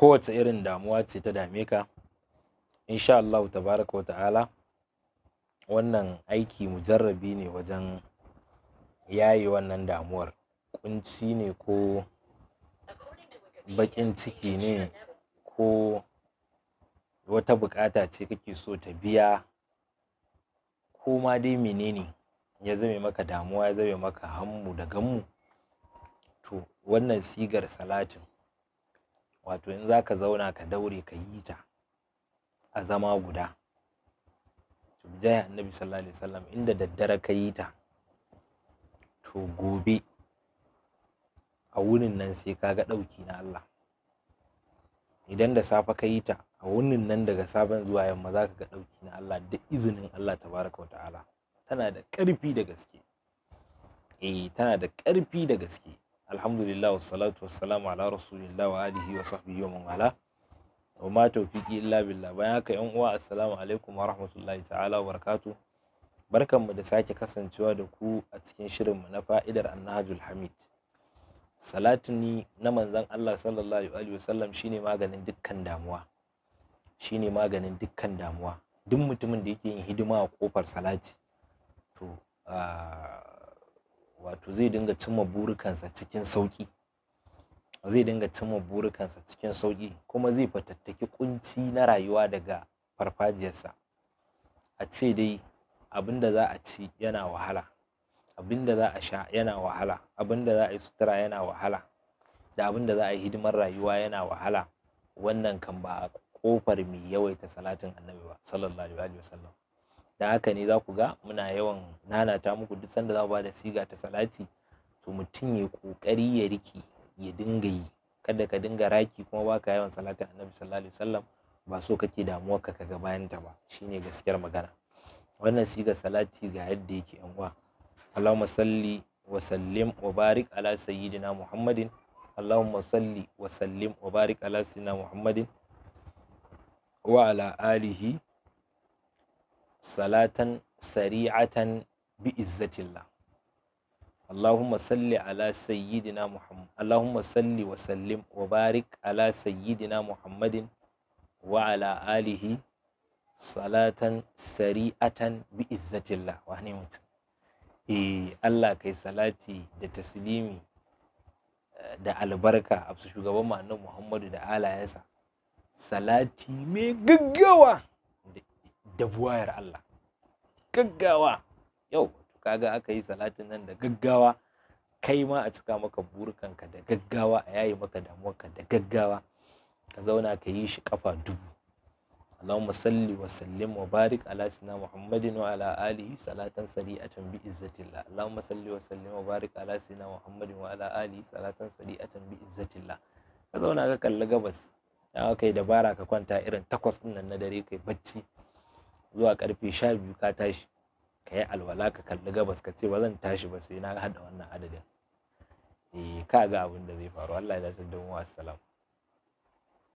kowace irin damuwa ce ta dame ka insha Allahu tabaraka wa ta'ala wannan aiki mujarrabi ne wajen yaye wannan damuwar ƙunci ne ko bakin ciki ne ko wata buƙata ce kake so ta biya ko ma dai menene ya zame maka damuwa ya zame maka hammu da gammu to wannan sigar salatin wato in zaka zauna ka daure ka yi ta a zama guda jai annabi sallallahu alaihi wasallam inda daddare ka yi ta to gobe a wurin nan sai ka ga ɗauki na Allah idan da safe ka yi ta a wunin nan daga safen zuwa yamma za ka ga ɗauki na Allah da izinin Allah tabaraka wata'ala tana da ƙarfi da gaske eh tana da ƙarfi da gaske alhamdulillah wasalatu wasalamu ala rasulillah wa alihi wa sahbihi wa man wala wa ma tawfiqi illa billah bayan haka yan uwa assalamu alaikum wa rahmatullahi ta'ala wa barakatuh barkanmu da sake kasancewa da ku a cikin shirin mu na fa'idar annahajul hamid salatu ni na manzon Allah sallallahu alaihi wasallam shine maganin dukkan damuwa shine maganin dukkan damuwa duk mutumin da yake yin hidima a kofar salati to uh, wato zai dinga cimma burikansa cikin sauƙi zai dinga cimma burikansa cikin sauƙi kuma zai fatattaki ƙunci na rayuwa daga farfajiyarsa a ce dai abin da za a ci yana wahala abin da za a sha yana wahala abin da za a yi sutura yana wahala da abin da za a yi hidimar rayuwa yana wahala wannan kan ba a ƙofar mai yawaita salatin annabi ba sallallahu alaihi wasallam da haka ne za ku ga muna yawan nanata muku duk sanda za mu ba da siga ta salati to mutum ya ƙoƙari ya riki ya dinga yi kada ka dinga raki kuma ba ka yawan salatin annabi sallallahu alaihi wasallam ba so kake damuwar ka kaga bayan ta ba shine gaskiyar magana wannan siga salati ga yadda yake yan uwa Allahumma salli wa sallim wa barik ala sayyidina Muhammadin Allahumma salli wa sallim wa barik ala sayyidina Muhammadin wa ala alihi salatan sari'atan bi izzatillah اللهم صل على سيدنا محمد اللهم صل وسلم وبارك على سيدنا محمد وعلى آله صلاة سريعة بإذة الله وهني مت إيه الله كي صلاتي da taslimi eh, da albarka a su shugaban mu Muhammadu da alayensa salati mai gaggawa da buwayar Allah gaggawa yau kaga aka yi salatin nan da gaggawa kai ma a cika maka burukanka da gaggawa a yayi maka damuwarka da gaggawa ka zauna ka yi shi kafa dubu Allahumma salli wa sallim wa barik ala sina Muhammadin wa ala alihi salatan sari'atan bi izzatillah Allahumma salli wa sallim wa barik ala sina Muhammadin wa ala alihi salatan sari'atan bi izzatillah ka zauna ka kalli gabas ya kai dabara ka kwanta irin takwas din nan na dare kai bacci zuwa karfe sha biyu ka tashi ka yi alwala ka kalli gabas ka ce ba zan tashi ba sai na hada wannan adadin eh ka ga abin da zai faru Allah ya da mu assalamu